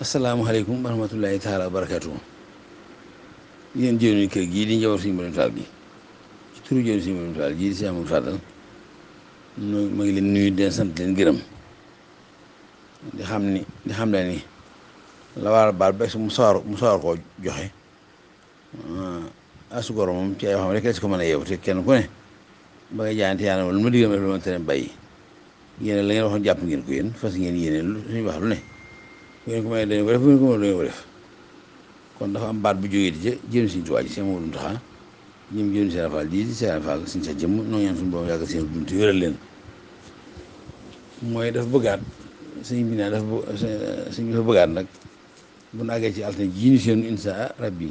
asalaamaaleykum wa rahmatullahi taala wa barakatuhu yéen kër gii di njaboot suñu Mbalim Fall gi ci turu jëwriñu di si amul fàttal noo ma ngi leen nuyu den sant leen gërëm di xam ni di xam leen ni la waral baal ba su sawar mu sawar koo joxe ah, asugoro moom ci ay waxam rek la si ko mën a yeewu te kenn ku ne ba nga jaayante yàlla lu ma digal ma def lu ma tere bàyyi yéen la ngeen waxoon jàpp ngeen ko yéen fas ngeen yéene lu suñu wax lu ne ngeen ko may dañu ko def bu ngeen ko may dañu ko kon dafa am baat bu jógee di ca jëm Sëriñ Tuubaa ji seen moom dum taxaa ñoom jëm seen faal lii di seen faal suñ noo ñaan suñu borom seen buntu wéral leen mooy dafa bëggaat sëñ bi sëñ bi dafa bëggaat bu nu ci altine ji ñu seen insa rabbi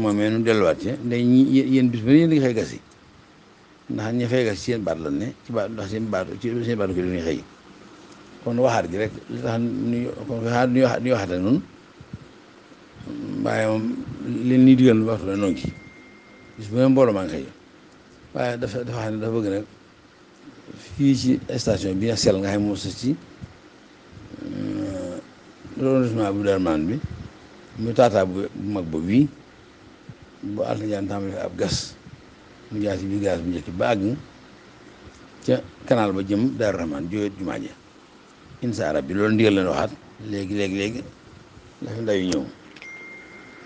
moom nu delluwaat ci day yéen bis ba yéen di xëy gas yi ndax seen baat ne ci baat ndax seen baat ci seen baatu ko xëy kon waxaat gi rek li tax nuy nuy wax nuy waxate noonu waaye moom leen ñuy digal waxtu la noo ngi bis bu ne mbooloo maa ngi xëy waaye dafa dafa xam ne dafa bëgg nag fii ci station bi sel nga xam ne moo sës ci euh, arrondissement bu Darman bi mu taataa bu mag ba wii bu altajaan tàmbali ab gas mu jaar ci biir gas bu njëkk ba àgg ca canal ba jëm Daaru Rahman jooyet jumaa ja insa bi loolu ndigal la waxaat léegi léegi léegi dafa dayu ñëw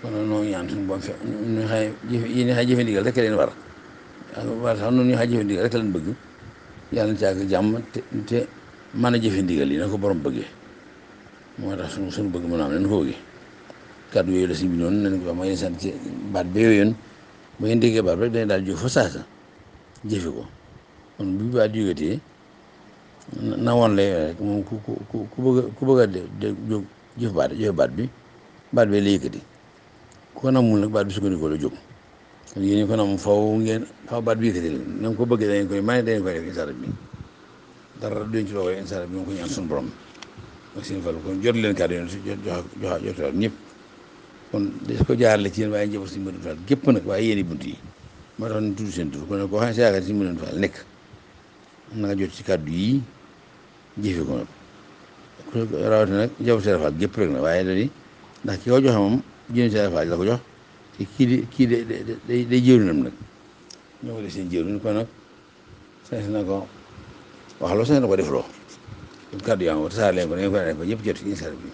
kon noonu ñaan suñu boom fe ñu xay yéen jëfe ndigal rek leen war war sax noonu ñu xay jëfe ndigal bëgg yàlla na ci àgg a jëfe ndigal yi na ko borom bëggee moo tax suñu bëgg mun a am nañ ko bëggee kàddu yooyu la si bi noonu nañ ko wax ma ngeen sant baat ba yooyu yoon ba ngeen déggee baat rek dañ daal jóg fa saasa jëfe ko kon bu baat jógatee nawoon lay rek moom ku ku ku bëgg ku bëgg a jóg jëf baat jëf baat bi baat bi lay yëkkati ko namul nag baat bi sukkandikoo la jóg kon yéen ñi ko nam faw ngeen faw baat bi yëkkati leen na nga ko bëggee dañ koy may dañ koy def insaara bi dara duñ ci loo koy insaara bi moom ko ñaan suñu borom ak seen fal kon jot leen kàddu yoon si jox jox ñëpp kon des ko jaarale ci yéen waaye njëbal suñu mën faal gépp nag waaye yéen i bunt yi moo tax ñu tudd seen tur kon nag koo xam ne si yaakaar si mën faal nekk na nga jot ci kàddu yi jëfe ko nag rawatina nag jaww si rafaal gépp rek na waaye da di ndax ki ko joxe moom jënd si rafaal la ko jox te kii di kii de day day jëwrinam nag ñoo ko def seen jëwrin kon nag sañ na ko wax loo sañ na ko def loo kàddu yaa ngi ko tasaare leen ko da ngeen ko def ba ñëpp jot ci insar bi